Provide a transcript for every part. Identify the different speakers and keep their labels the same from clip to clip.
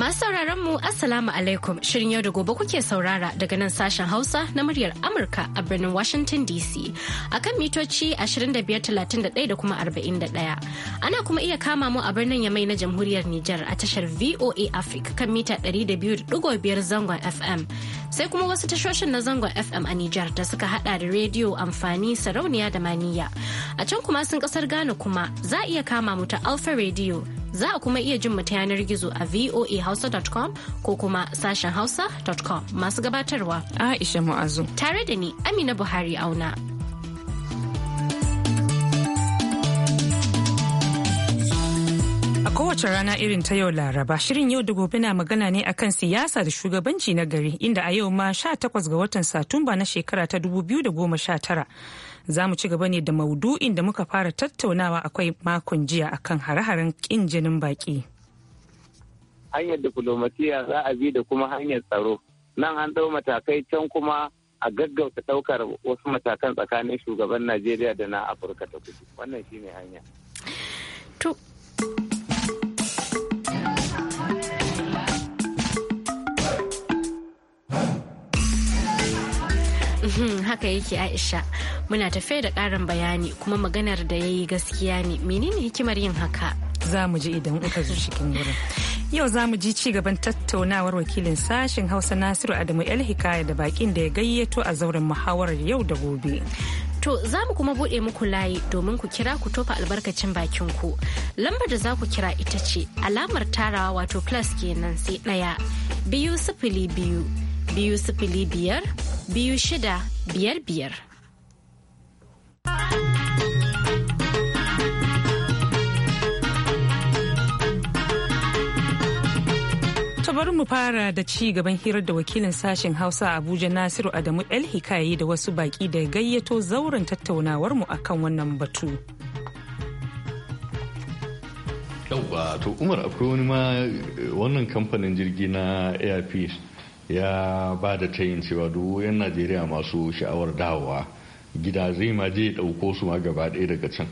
Speaker 1: Masu sauraron mu Assalamu alaikum shirin yau da gobe kuke saurara daga nan sashen Hausa na muryar Amurka a birnin Washington DC a kan mitoci 2531 da kuma 41. Ana kuma iya kama mu a birnin Yamai na Jamhuriyar Nijar a tashar VOA Africa kan mita 200.5 zangon FM. Sai kuma wasu tashoshin na zangon FM a Nijar da suka hada da rediyo amfani sarauniya da maniya. A can kuma sun kasar Ghana kuma za iya kama mu ta Alpha Radio Za a kuma iya jin mu ta yanar gizo a voahausa.com ko kuma sashen hausa.com masu gabatarwa. Aisha Mu'azu. Tare da ni Amina Buhari auna.
Speaker 2: A kowace rana irin ta yau laraba shirin yau da gobe na magana ne akan siyasa da shugabanci na gari inda a yau ma 18 ga watan satumba na shekara ta 2019 za mu ci gaba ne da maudu'in da muka fara tattaunawa akwai makon jiya akan hare-haren kin jinin baki.
Speaker 3: Hanyar diplomatiya za a bi da kuma hanyar tsaro. Nan an dau matakai can kuma a gaggauta ɗaukar wasu matakan tsakanin shugaban Najeriya da na Afirka ta kudu. Wannan shine hanya.
Speaker 1: Uhm, haka yake aisha muna tafe da karin bayani kuma maganar da yayi gaskiya ne menene hikimar yin haka za mu ji idan uka
Speaker 2: zo cikin wurin
Speaker 1: yau za mu ji cigaban
Speaker 2: tattaunawar wakilin sashen hausa nasiru adamu el hikaya da bakin da ya gayyato a zauren muhawarar yau da gobe
Speaker 1: To za mu kuma buɗe muku layi domin ku kira ku tofa albarkacin bakin ku. Lambar da za ku kira ita ce alamar tarawa wato plus kenan sai ɗaya biyu sifili biyu biyu sifili biyar biyu shida biyar biyar.
Speaker 2: bari mu fara da ci gaban hirar da wakilin sashen hausa abuja nasiru adamu el hikaye da wasu baki da gayyato zauren tattaunawar mu akan wannan batu
Speaker 4: yauwa to umar akwai wani ma eh, wannan kamfanin jirgi na air peace ya ba da tayin cewa duk 'yan najeriya masu sha'awar dawowa gida zai ma je ɗauko su ma gaba ɗaya daga can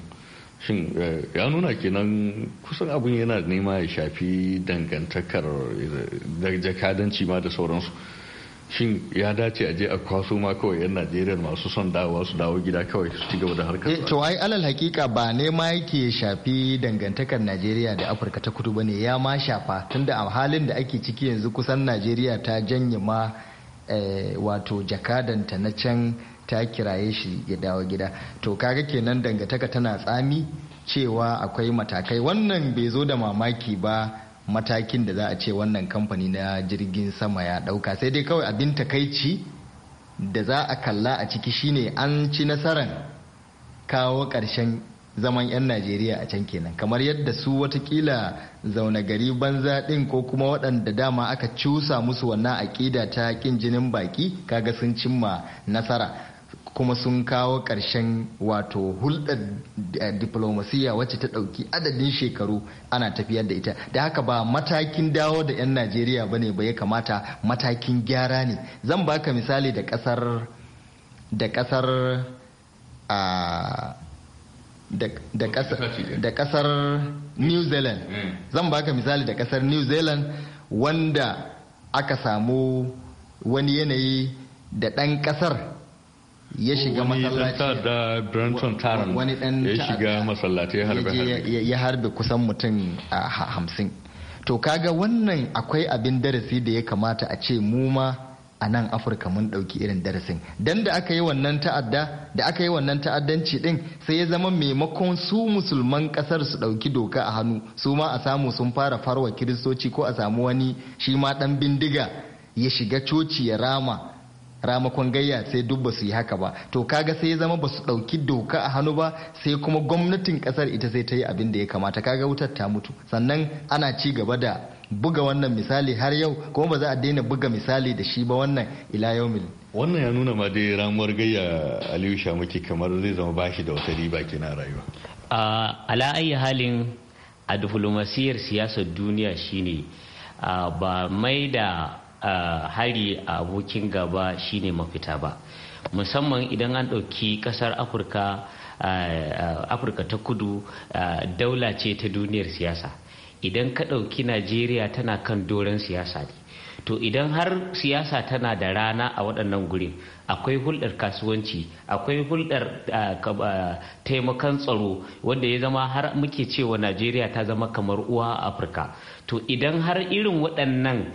Speaker 4: shin eh, ya nuna kenan kusan abin yana nema ya shafi dangantakar eh, da jakadanci ma da sauransu shin ya dace a je a kwaso ma kawai yan najeriya masu son dawowa su dawo gida kawai su ci gaba da harkar eh, to
Speaker 5: ai alal hakika ba ne ma yake shafi dangantakar najeriya da afirka ta kudu bane ya ma shafa tunda a halin da ake ciki yanzu kusan najeriya ta janye ma eh, wato jakadanta na can ta kiraye shi ya dawo gida to kaga kenan dangantaka tana tsami cewa akwai matakai wannan bai zo da mamaki ba matakin da za a ce wannan kamfani na jirgin sama ya ɗauka sai dai kawai abin takaici da za a kalla a ciki shine an ci nasarar kawo karshen zaman 'yan najeriya a can kenan kamar yadda su watakila zaune gari banza ɗin ko kuma waɗanda dama aka cusa musu wannan aƙida ta ƙin jinin baki kaga sun cimma nasara kuma sun kawo ƙarshen wato hulɗar eh, diplomasiya wacce ta ɗauki adadin shekaru ana tafiyar da ita da haka ba matakin dawo da 'yan najeriya ba ne ba ya kamata matakin gyara ne zan baka misali da ƙasar da ƙasar da ƙasar new zealand mm. zan baka misali da ƙasar new zealand wanda aka samu wani yanayi da ɗan ƙasar
Speaker 4: ya shiga masallaci da ya shiga masallaci
Speaker 5: ya harbe kusan mutum a hamsin to kaga wannan akwai abin darasi da ya kamata a ce mu ma a nan afirka mun dauki irin darasin dan da aka yi wannan ta'adda da aka yi wannan ta'addanci din sai ya zama maimakon su musulman kasar su dauki doka a hannu su ma a samu sun fara farwa kiristoci ko a samu wani shi ma dan bindiga ya shiga coci ya rama ramakon gayya sai duk ba su yi haka ba to kaga sai ya zama ba su ɗauki doka a hannu ba sai kuma gwamnatin kasar ita sai ta yi abin da ya kamata kaga wutar ta mutu sannan ana ci gaba da buga wannan misali har yau kuma ba za a daina buga misali da shi ba wannan ila yau
Speaker 4: wannan ya nuna ma dai ramuwar gayya aliyu shamaki kamar zai zama bashi da wata riba kina rayuwa
Speaker 5: a
Speaker 6: ala halin a diflomasiyar siyasar duniya shine ba mai da hari a abokin gaba shine mafita ba musamman idan an ɗauki ƙasar afirka afirka ta kudu daula ce ta duniyar siyasa idan ka ɗauki najeriya tana kan doron siyasa ne to idan har siyasa tana da rana a waɗannan gurin akwai hulɗar kasuwanci akwai hulɗar taimakon tsaro wanda ya zama har muke cewa najeriya ta zama kamar uwa a afirka to idan har irin waɗannan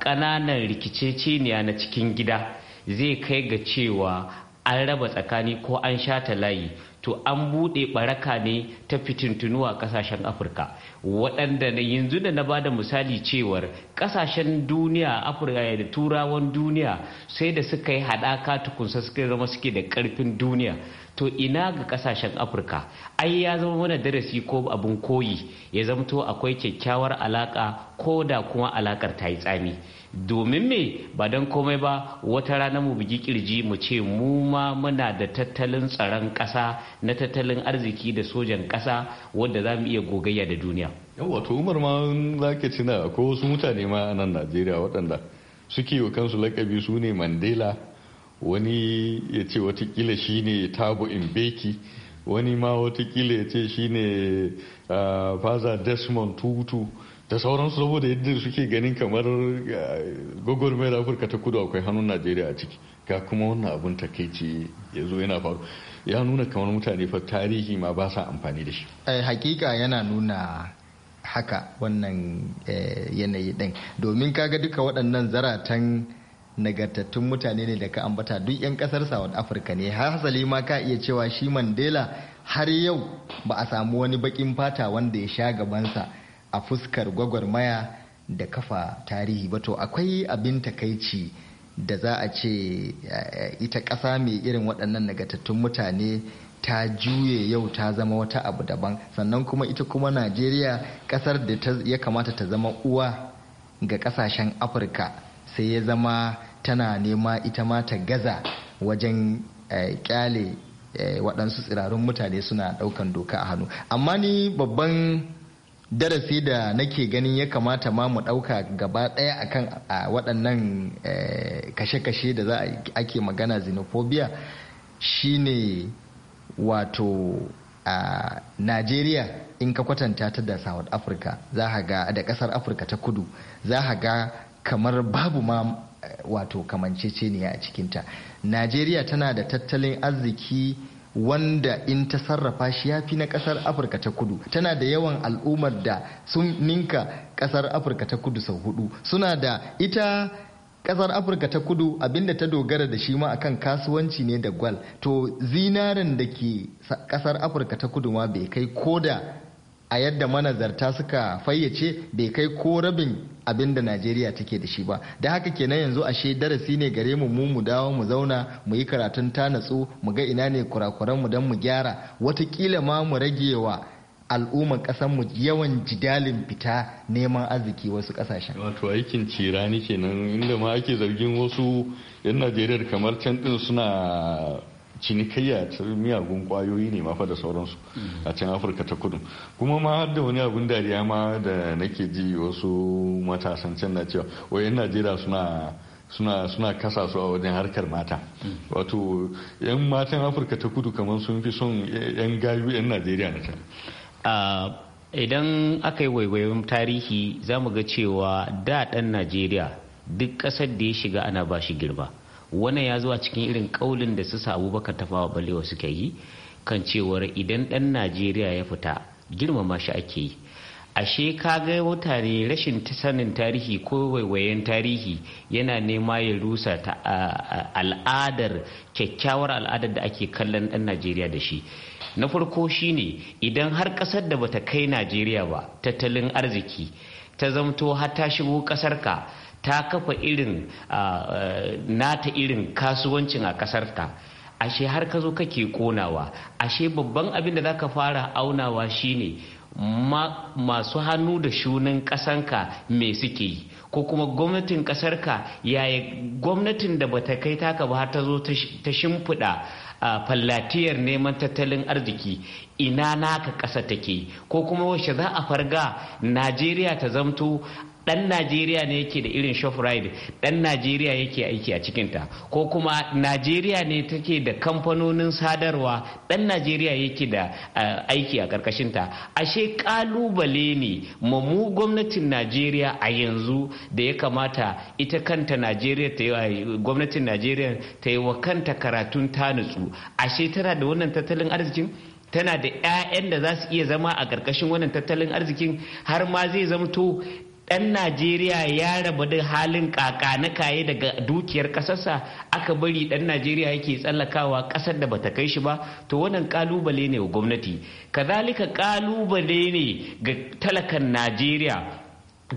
Speaker 6: ƙananan rikiceceniya na cikin gida zai kai ga cewa an raba tsakani ko an shata layi to an buɗe ɓaraka ne ta fitintunu a ƙasashen afirka waɗanda na yanzu da na bada misali cewar ƙasashen duniya afirka da turawan duniya sai da suka yi haɗaka tukunsa suka zama suke da ƙarfin duniya to ina ga ƙasashen afirka ai ya zama mana darasi ko abin koyi ya zamto akwai kyakkyawar alaƙa ko da kuma alaƙar ta yi tsami domin me ba don komai ba wata rana mu bugi kirji mu ce mu ma muna da tattalin tsaron ƙasa na tattalin arziki da sojan ƙasa wadda za mu iya gogayya da duniya
Speaker 4: yawa to umar ma za ka ci na akwai wasu mutane ma a nan najeriya waɗanda suke wa kansu lakabi su ne mandela wani ya ce watakila shi ne tabo beki wani ma watakila ya ce shi ne ah, faza desmond tutu da sauransu saboda yadda suke ganin kamar eh, gwagwarmayar afirka ta kudu akwai hannun najeriya a ciki ga kuma wannan abun takaici ya zo yana faru ya nuna kamar mutane fa tarihi ma ba sa amfani da shi
Speaker 5: eh, hakika yana nuna haka wannan eh, yanayi din domin kaga duka waɗannan zaratan nagartattun mutane ne da ka ambata duk 'yan kasar south africa ne hasali ma ka iya cewa shi mandela har yau ba a samu wani bakin fata wanda ya sha gabansa a fuskar gwagwarmaya da kafa tarihi ba to akwai abin takaici da za a ce eh, ita ƙasa mai irin waɗannan nagatattun mutane ta juye yau ta zama wata abu daban sannan kuma ita kuma najeriya ƙasar da ya kamata ta zama uwa ga ƙasashen afirka sai ya zama tana nema ita ma ta gaza wajen eh, ƙyale eh, waɗansu tsirarun mutane suna ɗaukan doka a hannu amma ni babban darasi da nake ganin ya kamata ma mu ɗauka gaba ɗaya akan a waɗannan eh, kashe-kashe da za ake magana xenophobia shine wato a najeriya in ka kwatanta ta da south africa za ga da ƙasar afirka ta kudu za ga kamar babu ma eh, wato kamanceceniya a cikinta najeriya tana da tattalin arziki wanda in ta sarrafa shi ya fi na kasar afirka ta kudu tana da yawan al'ummar da sun ninka kasar afirka ta kudu sau hudu suna da ita kasar afirka ta kudu abinda ta dogara da shi ma akan kasuwanci ne da gwal to zinarin da ke kasar afirka ta kudu ma bai kai koda a yadda manazarta suka fayyace bai kai ko rabin abin da Najeriya take da shi ba da haka kenan yanzu ashe darasi ne gare mu mu mu dawo mu zauna mu yi karatun ta natsu mu ga ina ne kurakuran mu don mu gyara watakila ma mu rage wa al'umman kasan mu yawan jidalin fita neman arziki wasu kasashen wato aikin
Speaker 4: cira ne kenan inda ma ake zargin wasu yan Najeriya kamar can din suna cinikayya ta miyagun kwayoyi ne mafa da sauransu a can afirka ta kudu kuma ma har da wani abun dariya ma da nake ji wasu matasan can na cewa wayan najeriya suna suna suna kasa su a wajen harkar mata wato
Speaker 6: yan matan afirka ta kudu kamar sun fi son yan gayu yan najeriya na can idan aka yi waiwayon tarihi za mu ga cewa da ɗan najeriya duk ƙasar da ya shiga ana ba shi girma wannan ya zuwa cikin irin kaulin da su sabu baka tafawa balewa suka yi kan cewar idan dan najeriya ya fita girmama shi ake yi ashe ka ga mutane rashin sanin tarihi ko waiwayen tarihi yana nema ya rusa ta al'adar kyakkyawar al'adar da ake kallon dan najeriya da shi na farko shine idan har kasar da bata kai najeriya ba tattalin arziki ta zamto har ta shigo kasar ka ta kafa irin nata irin kasuwancin a ƙasarta ashe har ka zo kake konawa ashe babban abin da za ka fara aunawa shine masu hannu da shunan ƙasanka me suke yi ko kuma gwamnatin ƙasarka yaya gwamnatin da bata kai taka ba ta zo ta shimfiɗa a fallatiyar neman tattalin arziki ina naka ƙasa take ko kuma washe za a farga najeriya ta zamto dan najeriya ne yake da irin shoprite dan najeriya yake aiki a cikinta ko kuma najeriya ne take da kamfanonin sadarwa dan najeriya yake da eh, aiki a karkashinta ashe kalubale ne ma mu gwamnatin najeriya a yanzu da ya kamata ita kanta najeriya ta yi gwamnatin najeriya ta yi wa kanta karatun ta nutsu ashe tana da wannan tattalin arzikin tana da 'ya'yan da za su iya zama a ƙarƙashin wannan tattalin arzikin har ma zai zamto ɗan najeriya ya rabu da halin kaka na kaye daga dukiyar ƙasarsa aka bari ɗan najeriya yake tsallakawa ƙasar da bata kai shi ba to wannan kalubale ne wa gwamnati kazalika kalubale ne ga talakan najeriya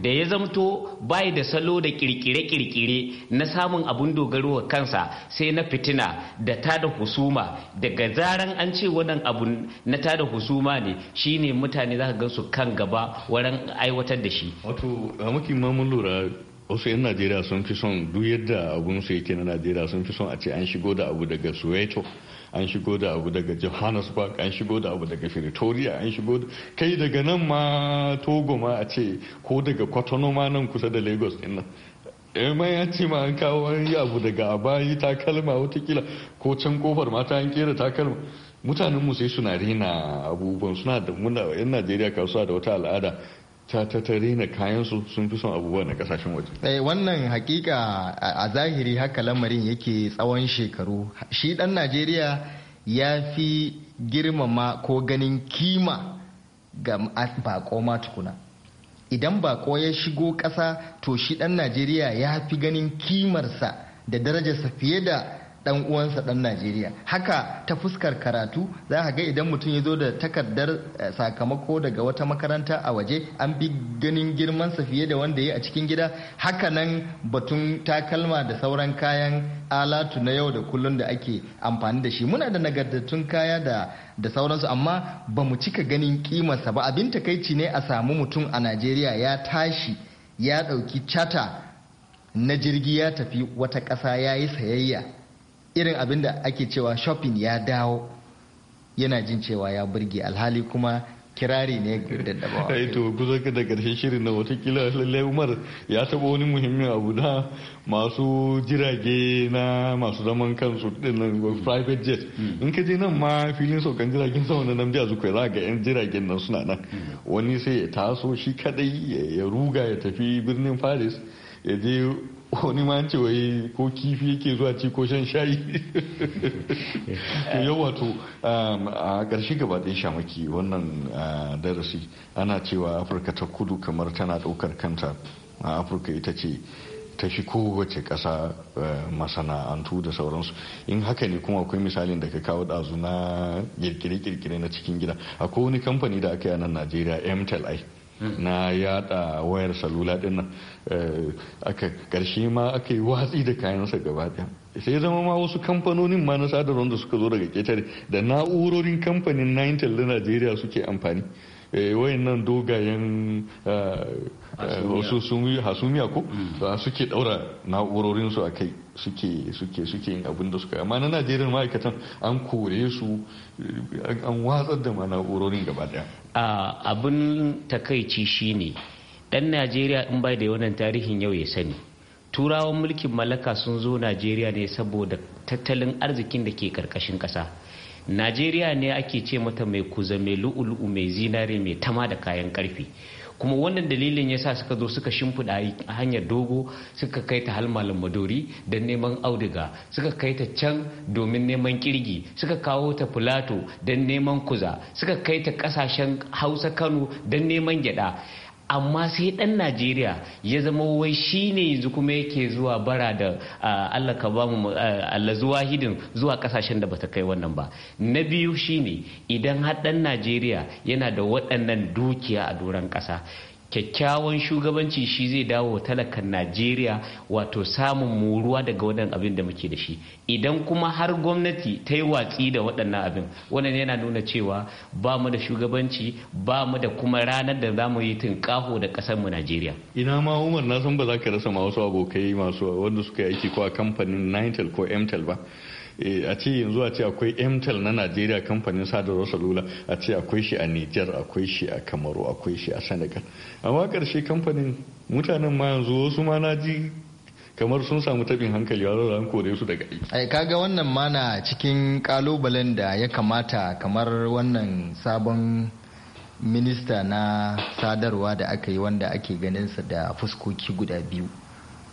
Speaker 6: da ya zamto bai da salo da kirkire-kirkire na samun abun dogaro wa kansa sai na fitina da tada husuma daga zaran an ce wannan abu na tada husuma ne shine mutane za ka su kan gaba wurin aiwatar da shi wato muke mamun lura
Speaker 4: wasu 'yan najeriya sun fi son duk yadda abun su yake na najeriya sun fi son a ce an shigo da abu daga soweto an shigo da abu daga johannesburg an shigo da abu daga pretoria an shigo da kai daga nan ma togo ma a ce ko daga kwatano ma nan kusa da lagos din nan eh, ma ya ce ma an kawo wani abu daga abayi takalma watakila ko can kofar mata an kera takalma mutanen mu sai suna rena abubuwan suna da muna yan najeriya kasuwa da wata al'ada ta tattare na kayansu sun fi son abubuwa na kasashen waje.
Speaker 5: Eh wannan hakika a zahiri haka lamarin yake tsawon shekaru. Shi dan Najeriya ya fi girmama ko ganin kima ga bako ma tukuna. Idan bako ya shigo kasa to shi dan Najeriya ya fi ganin kimarsa da darajarsa fiye da dan uwansa dan Najeriya haka ta fuskar karatu za ka ga idan mutum ya zo da takardar eh, sakamako daga wata makaranta a waje an bi ganin girmansa fiye da wanda ya a cikin gida haka nan batun takalma da sauran kayan alatu na yau da kullun da ake amfani da shi muna da nagartattun kaya da da sauransu amma ba mu cika ganin kimarsa ba abin takaici ne a samu mutum a Najeriya ya tashi ya ɗauki chata na jirgi ya tafi wata ƙasa ya yi sayayya irin abin da ake cewa shopping ya dawo yana jin cewa ya burge alhali kuma kirari ne daddabawa. Ai eh, to
Speaker 4: ka da ƙarshen shirin na watakila lallai Umar ya taba wani muhimmin abu da masu jirage na masu zaman kansu din private jet. Hmm. In ka je nan ma filin saukan jiragen sama na Namdi Azukwai za ga yan jiragen nan suna nan. Hmm. Wani sai ya taso shi kadai ya ruga ya tafi birnin Paris. ya je wani ma ce wai ko kifi yake zuwa ci ko shan shayi to yau wato um, a ƙarshe gaba ɗaya shamaki wannan uh, darasi ana cewa afirka ta kudu kamar tana ɗaukar kanta a afirka ita ce ta shi kowace ƙasa uh, masana'antu da sauransu in haka ne kuma akwai misalin da ka kawo ɗazu na kirkire-kirkire na cikin gida akwai wani kamfani da aka yi a nan najeriya mtli na yada wayar salula din nan eh, aka karshe ma aka yi watsi da kayansa gaba daya sai zama ma wasu kamfanonin ma na sadarwar da suka zo daga ketare da na'urorin kamfanin nintel na najeriya suke amfani eh, wayan nan dogayen eh, wasu hasumiya ko mm. suke daura su a kai suke suke suke yin abin da suka amma na najeriya
Speaker 6: ma'aikatan an kore su an watsar da ma na'urorin gaba daya abin takaici shine dan najeriya in bai da wannan tarihin yau ya sani turawan mulkin mallaka sun zo najeriya ne saboda tattalin arzikin da ke karkashin kasa najeriya ne ake ce mata mai kuza mai lu'ulu'u mai zinare mai tama da kayan karfi kuma wannan dalilin ya sa suka zo suka shimfiɗa a hanyar dogo suka kai ta halmalin madori don neman auduga suka kai ta can domin neman kirgi suka kawo ta filato don neman kuza suka kai ta ƙasashen hausa kano don neman gyada amma sai dan najeriya ya zama wai shi ne yanzu kuma yake zuwa bara da allah ka ba mu hidin zuwa kasashen da bata kai wannan ba na biyu shine idan har dan najeriya yana da waɗannan dukiya a doron ƙasa kyakkyawan shugabanci shi zai dawo talakan najeriya wato samun moruwa daga waɗannan abin da muke da shi idan kuma har gwamnati ta yi watsi da waɗannan abin wannan yana nuna cewa ba mu da shugabanci ba mu da kuma ranar da za mu yi tunƙaho da ƙasar mu najeriya
Speaker 4: ina ma umar na san ba za ka rasa ma wasu abokai masu wanda suka yi aiki ko a kamfanin nitel ko mtel ba Eh, a ce yanzu a ce akwai mtel na najeriya kamfanin sadarwar salula a ce akwai shi a niger akwai shi a kamaru akwai shi a senegal amma karshe kamfanin mutanen ma yanzu wasu ma na ji kamar sun samu tabin hankali wazo an kore su daga aiki.
Speaker 5: Ai kaga wannan ma na cikin kalubalen da ya kamata kamar wannan sabon minista na sadarwa da aka yi wanda ake ganin sa da fuskoki guda biyu.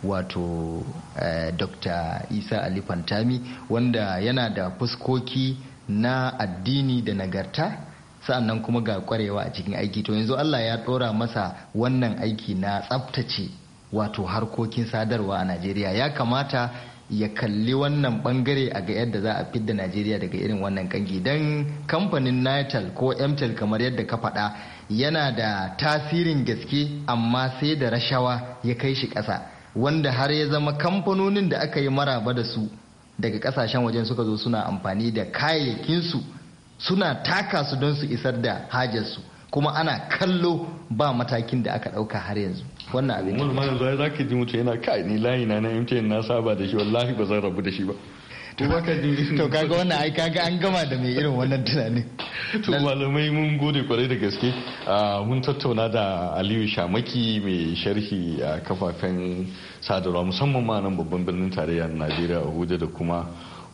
Speaker 5: wato eh, dr isa ali fantami wanda yana da fuskoki na addini da nagarta sa'annan kuma ga kwarewa a cikin aiki to yanzu allah ya ɗora masa wannan aiki na tsaftace wato harkokin sadarwa a najeriya ya kamata ya kalli wannan bangare a ga yadda za a fidda najeriya daga irin wannan kangi don kamfanin Natal ko mtel kamar yadda ka faɗa yana da tasirin gaske amma sai da rashawa ya kai shi ƙasa wanda har ya zama kamfanonin da aka yi maraba da su daga kasashen wajen suka zo suna amfani da kayayyakinsu suna taka su don su isar da hajarsu kuma ana kallo ba matakin da aka ɗauka har yanzu wannan abin
Speaker 4: da za ka ji mutu yana kai ni layina na na mtn na saba da shi wallahi ba zan rabu da shi ba
Speaker 5: to kaga wannan ai kaga an gama da mai irin wannan tunanin
Speaker 4: to malamai mun gode kwarai da gaske ah, mun tattauna da aliyu shamaki mai sharhi a kafafen sadarwa musamman ma nan babban birnin na najeriya abuja da kuma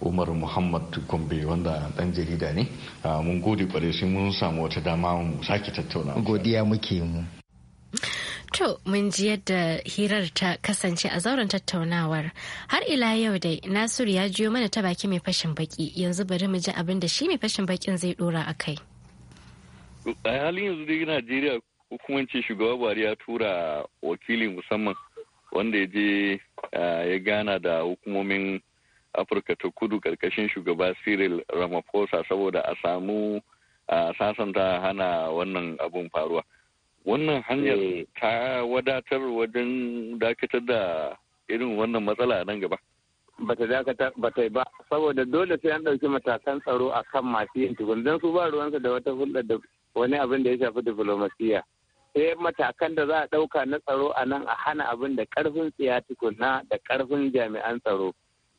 Speaker 4: umar muhammad gombe wanda dan jarida ne ah, mun gode kwarai sai mun samu wata dama mu sake tattauna
Speaker 5: godiya muke mu
Speaker 1: To mun ji yadda hirar ta kasance a zauren tattaunawar. Har ila yau dai Nasiru ya jiyo mana ta baki mai fashin baki yanzu bari mu ji abin da shi mai fashin bakin zai dora a kai.
Speaker 4: A halin yanzu dai Najeriya hukumance shugaba Buhari ya tura wakili musamman wanda ya je ya gana da hukumomin Afirka ta kudu karkashin shugaba Cyril Ramaphosa saboda a samu sasanta hana wannan abun faruwa. wannan hanyar eh. ta wadatar wajen dakatar da irin wannan matsala nan gaba
Speaker 3: bata dakatar bata ba saboda dole sai an ɗauki matakan tsaro a kan masu yin tukun don su ba ruwansa da wata hulɗa da wani abin da ya shafi diflomasiya sai matakan da za a ɗauka na tsaro a nan a hana abin da ƙarfin tsiya tukuna da ƙarfin jami'an tsaro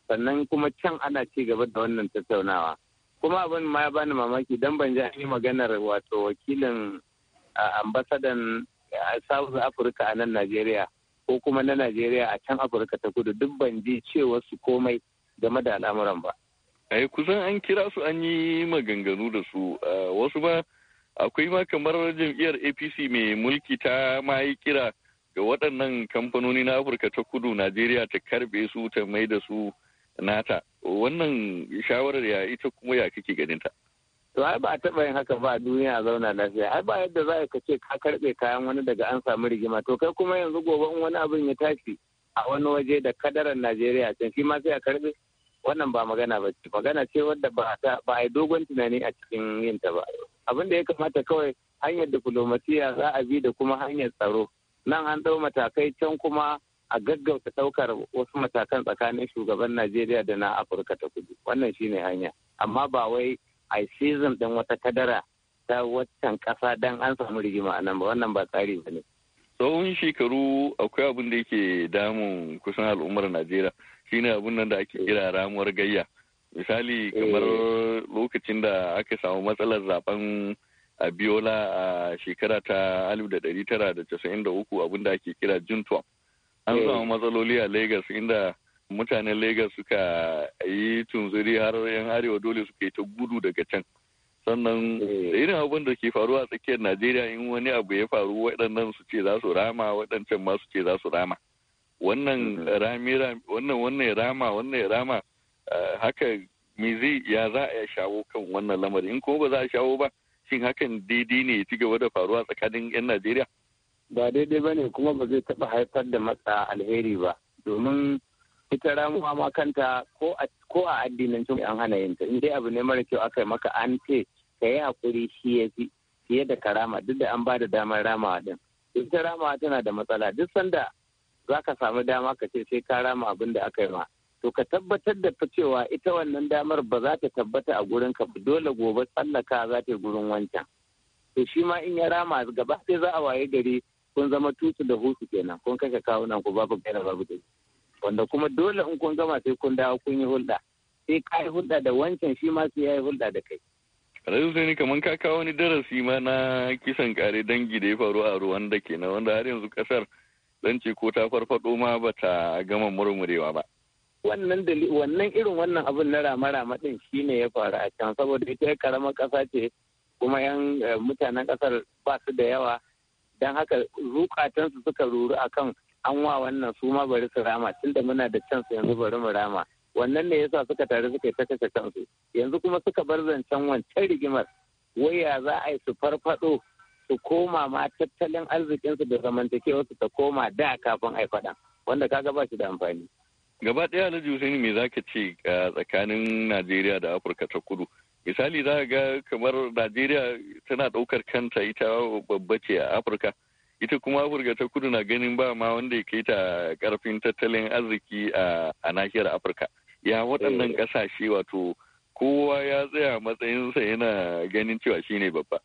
Speaker 3: sannan kuma can ana ci gaba da wannan tattaunawa kuma abin ma ya bani mamaki don ban ji an yi maganar wato wakilin a ambasadan south africa a nan Nigeria, ko kuma na Nigeria a can afirka ta kudu duk ban ji cewa su komai game da al'amuran ba ai kusan
Speaker 4: an kira su an yi maganganu da su wasu ba akwai ma kamar jam'iyyar apc mai mulki ta ma yi kira ga waɗannan kamfanoni na afirka ta kudu najeriya ta karbe su ta mai da su nata wannan shawarar ya ita kuma ya kake ganin ta
Speaker 3: to ai ba a taɓa yin haka ba duniya a zauna lafiya ai ba yadda za ka ce ka karɓe kayan wani daga an samu rigima to kai kuma yanzu gobe in wani abin ya tashi a wani waje da kadaran najeriya can shi ma sai a karɓe wannan ba magana ba ce magana ce wadda ba a yi dogon tunani a cikin yin ta ba abin da ya kamata kawai hanyar diflomasiya za a bi da kuma hanyar tsaro nan an ɗau matakai can kuma a gaggauta ɗaukar wasu matakan tsakanin shugaban najeriya da na afirka ta kudu wannan shine hanya amma ba wai a din ɗin wata kadara ta waccan kasa dan an samu rigima a nan ba wannan ba tsari ba ne.
Speaker 4: Tsawon shekaru akwai abin da yake damun kusan al'ummar Najeriya shine abin nan da ake kira ramuwar gayya. Misali eh. kamar lokacin da aka samu matsalar zaben Abiola a shekara ta 1993 abin da ake kira Juntuwa. An eh. samu matsaloli a Lagos inda mutanen Legas suka yi tunzuri har yan arewa dole suka yi ta gudu daga can. Sannan eh. irin abin da ke faruwa a tsakiyar Najeriya in wani abu ya faru waɗannan su ce za su rama waɗancan ma su ce za su rama. Wannan mm-hmm. rami wannan wannan rama wannan rama eh, haka me zai ya za a shawo kan wannan lamarin in kuma ba za a shawo ba shin hakan daidai ne ya ci gaba da faruwa tsakanin 'yan Najeriya?
Speaker 3: Ba daidai ba ne kuma ba zai taɓa haifar da matsa alheri ba domin ita ramuwa ma kanta ko a addinance an hana yin in dai abu ne mara kyau aka yi maka an ce ka yi hakuri shi ya fi fiye da karama duk da an ba da damar ramawa din ita ramawa tana da matsala duk sanda za ka samu dama ka ce sai ka rama abin da aka yi ma to ka tabbatar da cewa ita wannan damar ba za ta tabbata a gurin ka dole gobe tsallaka za ta yi gurin wancan to shi ma in ya rama gaba sai za a waye gari kun zama tutu da hutu kenan kun kashe kawunan ku babu gaina babu dalili wanda kuma dole in kun gama sai kun dawo kun yi hulɗa sai ka yi hulɗa da wancan shi ma sai ya yi hulɗa da kai.
Speaker 4: Rayu sai kamar ka kawo wani darasi ma na kisan kare dangi da ya faru a ruwan da ke na wanda har yanzu kasar dan ce ko ta farfado ma ba ta gama murmurewa ba.
Speaker 3: Wannan wannan irin wannan abun na rama-rama din shi ya faru a can saboda ita karamar ƙasa ce kuma yan eh, mutanen ƙasar ba su da yawa don haka rukatansu suka ruru akan an wa wannan su ma bari su rama tunda muna da chance yanzu bari mu rama wannan ne yasa suka tare suka ta kashe kansu yanzu kuma suka bar zancen wancan rigimar waya za a yi su farfado su koma ma tattalin arzikinsu da su ta koma da kafin a faɗan wanda kaga ba shi da amfani.
Speaker 4: gaba ɗaya alhaji hussein me zaka ce tsakanin najeriya da afirka ta kudu misali za ga kamar najeriya tana ɗaukar kanta ita babba ce a afirka ita kuma afirka ta kudu na ganin ba ma wanda ya kai ta karfin tattalin arziki a nahiyar afirka ya waɗannan eh. ƙasashe wato kowa ya tsaya matsayinsa yana ganin cewa shine babba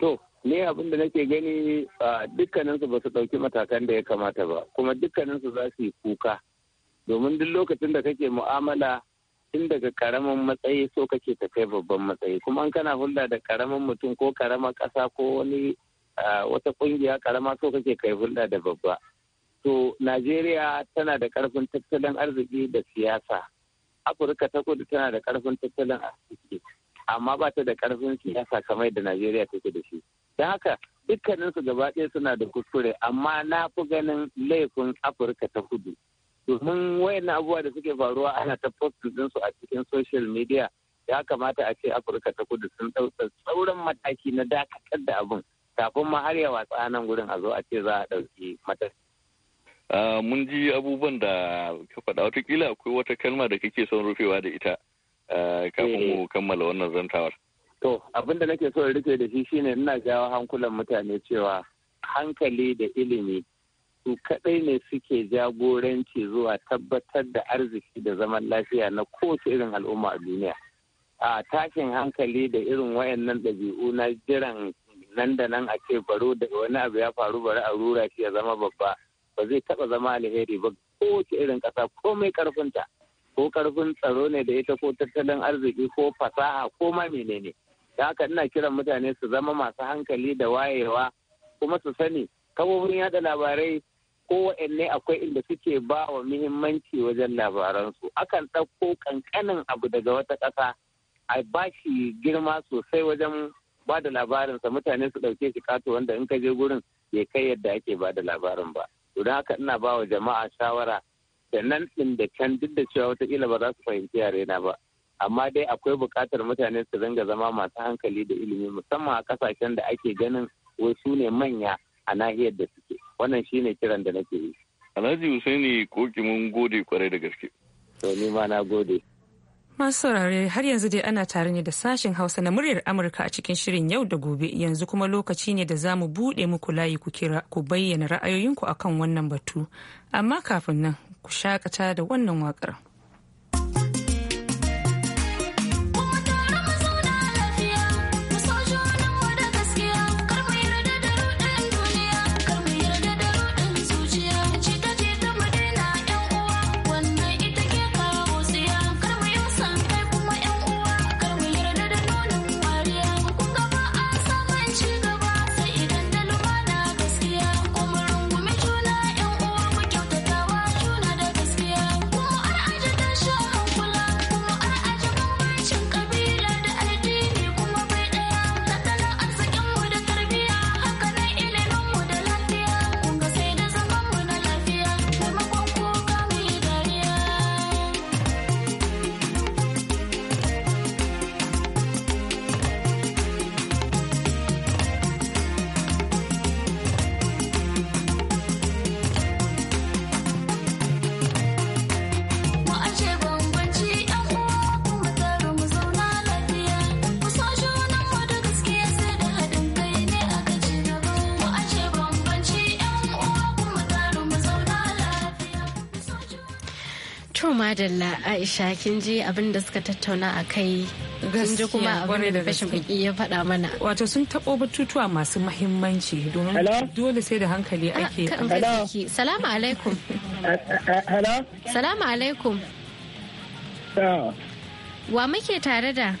Speaker 3: to ne abin da nake gani dukkaninsu ba su ɗauki matakan da ya kamata ba kuma dukkaninsu za su yi kuka domin duk lokacin da kake mu'amala tun daga karamin matsayi so kake ta kai babban matsayi kuma an kana hulɗa da karamin mutum ko karamar ƙasa ko wani wata kungiya karama ko kake kai hulɗa da babba to najeriya tana da karfin tattalin arziki da siyasa afirka ta kudu tana da karfin tattalin arziki amma ba ta da karfin siyasa kamar da najeriya take da shi don haka dukkaninsu gaba ɗaya suna da kuskure amma na fi ganin laifin afirka ta kudu domin wayan abubuwa da suke faruwa ana ta din su a cikin social media ya kamata a ce afirka ta kudu sun ɗauka tsauran mataki na dakatar da abin kafin ma har yawa watsa nan gurin a zo a ce za a ɗauki mataki. mun ji abubuwan
Speaker 4: da ka faɗa watakila akwai wata kalma da kake son rufewa da ita kafin mu eh. kammala wannan zantawar.
Speaker 3: To abin da nake so rufe da shi shine ina jawo hankulan mutane cewa hankali da ilimi su kaɗai ne suke jagoranci zuwa tabbatar da arziki da zaman lafiya na kowace irin al'umma a duniya. a tashin hankali da irin wayannan ɗabi'u na jiran nan da nan a ce baro da wani abu ya faru bari a rura shi ya zama babba ba zai taba zama alheri ba ko ce irin kasa komai karfinta ko karfin tsaro ne da ita ko tattalin arziki ko fasaha ko ma menene da haka ina kiran mutane su zama masu hankali da wayewa kuma su sani kafofin yada labarai ko kowanne akwai inda suke ba wa muhimmanci wajen labaransu akan ɗauko kankanin abu daga wata ƙasa a bashi girma sosai wajen ba da labarinsa mutane su ɗauke shi kato wanda in ka je gurin ya kai yadda ake ba da labarin ba to don haka ina ba wa jama'a shawara da nan ɗin da can duk da cewa wataƙila ba za su fahimci yare na ba amma dai akwai buƙatar mutane su dinga zama masu hankali da ilimi musamman a ƙasashen da ake ganin wai su ne manya a nahiyar da suke wannan shine kiran da nake yi alhaji husaini koki mun gode kwarai da gaske to ni ma na gode
Speaker 2: Masu saurare har yanzu dai ana tare ne da sashen Hausa na muryar Amurka a cikin shirin yau da gobe yanzu kuma lokaci ne da za mu buɗe muku layi ku kira ku bayyana ra'ayoyinku akan wannan batu. Amma kafin nan ku shakata da wannan waƙar.
Speaker 1: madalla aisha kin ji abin da suka tattauna a kai gaskiya ji kuma abin da fashin baki
Speaker 2: ya faɗa mana wato sun taɓo batutuwa masu mahimmanci domin dole sai da hankali ah, ake
Speaker 1: salamu alaikum salamu alaikum wa muke tare da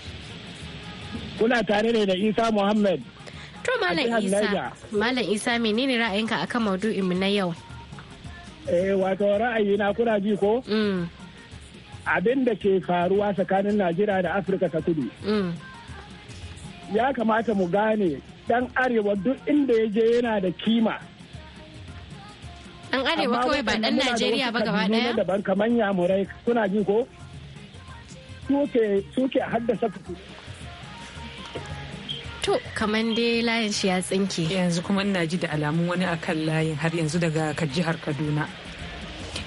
Speaker 7: kuna tare ne da isa muhammad
Speaker 1: to malam isa malam isa menene ra'ayinka akan maudu'in mu na yau
Speaker 7: eh wato ra'ayi na kuna ji ko mm. abin da ke faruwa tsakanin najeriya da afirka ta kudu mm. ya kamata mu gane dan arewa duk inda ya je yana da kima dan arewa kawai ba dan najeriya ba gaba daya daban kamar yamurai kuna ji ko suke haddasa
Speaker 1: To, kaman dai layin shi ya tsinke. Yanzu kuma
Speaker 2: ina ji da alamun wani akan layin har yanzu daga jihar Kaduna.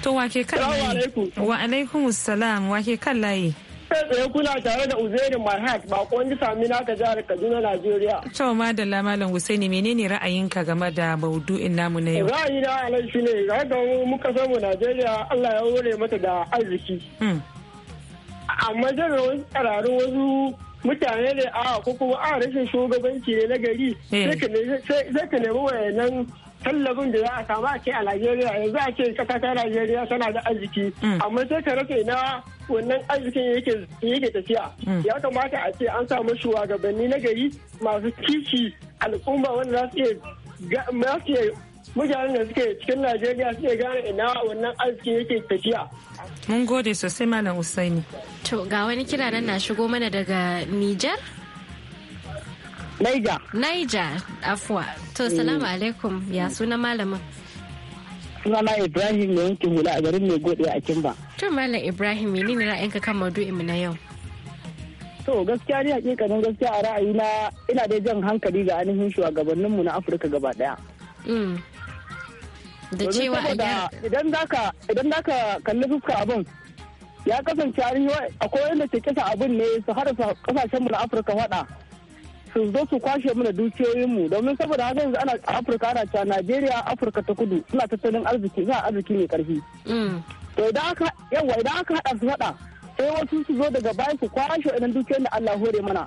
Speaker 2: To wake kan layi. Wa alaikum salam wake kan layi. Kai tsaye kuna tare da Uzairu Marhat bakon ji sami jihar Kaduna Najeriya. To madalla malam Husaini menene ra'ayinka game da maudu'in namu na yau? Ra'ayi
Speaker 7: na alai ne ga yadda muka samu Najeriya Allah ya hore mata da arziki. Hmm. Amma zan wasu tsararru wasu mutane ne a ko kuma a rashin shugabanci ne na gari eh. sai ka nemi wayannan tallafin da za a samu a ce a Najeriya yanzu a ce kasa ta Najeriya tana da arziki mm. amma sai ka rasa na wannan arzikin yake yake tafiya mm. ya kamata a ce an samu shugabanni na gari masu kishi al'umma wanda za su iya mutanen da suke cikin Najeriya suke gane ina wannan arziki yake
Speaker 2: tafiya. Mun gode
Speaker 1: sosai Malam Usaini. To ga wani kira na shigo mana daga Nijar. Naija. Naija, afuwa. To, salamu mm. alaikum ya suna malamin.
Speaker 7: Sunana Ibrahim ne yankin hula a garin mai gode a Kimba.
Speaker 1: To, Malam Ibrahim, menene ra'ayinka kan mu na yau? To,
Speaker 7: gaskiya ne hakikanin gaskiya a ra'ayina ina dai jan hankali ga ainihin shugabanninmu na Afirka gaba daya. Mm. Da cewa a Idan zaka idan zaka kalli fuska abin ya kasance akwai wanda ke kisa abin ne su harasa kasashenmu na Afirka faɗa. su zo su kwashe mana dukiyoyinmu domin saboda haka yanzu ana afirka ana cewa najeriya afirka ta kudu suna tattalin arziki za arziki mai karfi mm. to idan aka yawa idan aka hada su hada sai wasu su zo daga baya su kwashe idan dukiyoyin da allah hore mana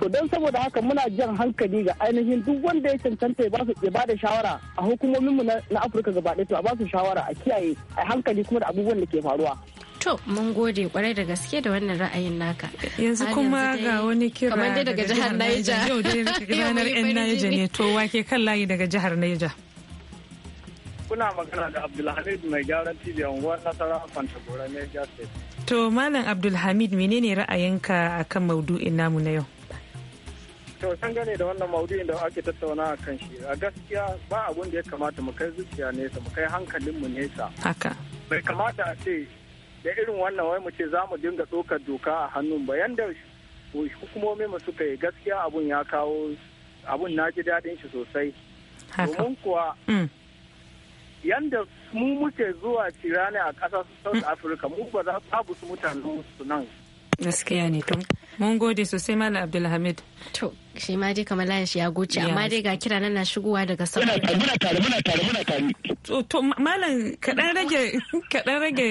Speaker 7: to don saboda haka muna jan hankali ga ainihin duk wanda ya cancanta ya ba da shawara a hukumominmu na afirka gaba ɗaya to a ba su shawara a kiyaye a hankali kuma da abubuwan
Speaker 2: da ke faruwa
Speaker 1: To mun gode kwarai da gaske da wannan ra'ayin naka. Yanzu kuma ga wani kira daga jihar Naija. Yau dai ranar 'yan Naija ne
Speaker 2: to wake kan layi daga jihar Niger.
Speaker 7: Kuna magana da Abdulhamid mai gyaran TV unguwar Nasara a Kwantagora Niger State.
Speaker 2: To Malam Abdulhamid menene ra'ayinka a maudu maudu'in namu na yau?
Speaker 7: to san gane da wannan maudu'in da ake tattauna a kan shi a gaskiya ba abun da ya kamata mu kai zuciya nesa mu kai hankalin mu nesa haka bai kamata a ce da irin wannan wai mu ce za mu dinga tsokar doka a hannun bayan da hukumomi mu suka yi gaskiya abun ya kawo abun na ji daɗin shi sosai domin kuwa mm. yanda mu muke zuwa cirani a ƙasar south mm. africa mu ba za babu su mutanen su nan
Speaker 1: gaskiya ne to mun gode sosai malam abdulhamid to shi ma dai kamar layin shi ya goce amma dai ga kira na shigowa daga sauran muna tare muna tare
Speaker 2: muna tare to malam kadan rage kadan rage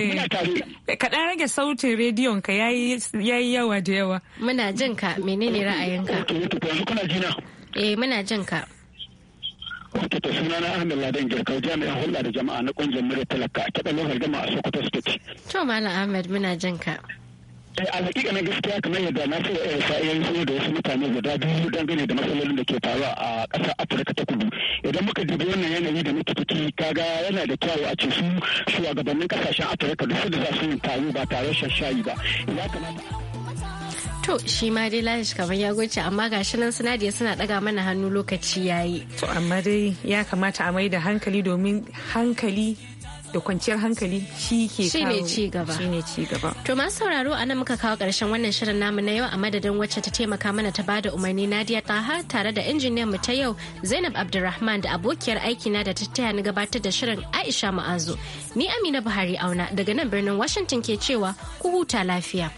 Speaker 2: kadan rage sautin rediyon ka yayi yayi yawa da yawa
Speaker 1: muna jin ka menene ra'ayinka eh muna jin ka
Speaker 3: wato ta suna na Ahmed girka Girkau jami'an hulɗa da jama'a na ƙungiyar murya talaka a taɓa lokacin jama'a Sokoto
Speaker 7: State.
Speaker 1: To Malam Ahmed muna jin ka.
Speaker 7: Eh, a hakika na gaskiya kamar yadda na sai sa'ayen su da wasu mutane guda biyu dangane da matsalolin da ke faruwa a ƙasar afirka ta kudu idan muka dubi wannan yanayi da muke ciki kaga yana da kyau a ce su shugabannin kasashen afirka duk su da za su yin taro ba tare shashayi ba ya kamata
Speaker 1: To shi ma dai lahish kamar ya goce amma gashi nan sinadiya suna daga mana hannu lokaci yayi. To amma dai ya kamata a mai da hankali domin hankali da kwanciyar hankali shi ke shi ne ci gaba shi ne ci gaba to masu sauraro a nan muka kawo ƙarshen wannan shirin namu na yau a madadin wacce ta taimaka mana ta bada umarni Nadia Taha tare da injiniyan mu ta yau Zainab Abdulrahman da abokiyar aiki na da ta taya ni gabatar da shirin Aisha Ma'azu ni Amina Buhari Auna daga nan birnin Washington ke cewa ku huta lafiya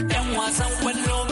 Speaker 2: yan wasan kwallo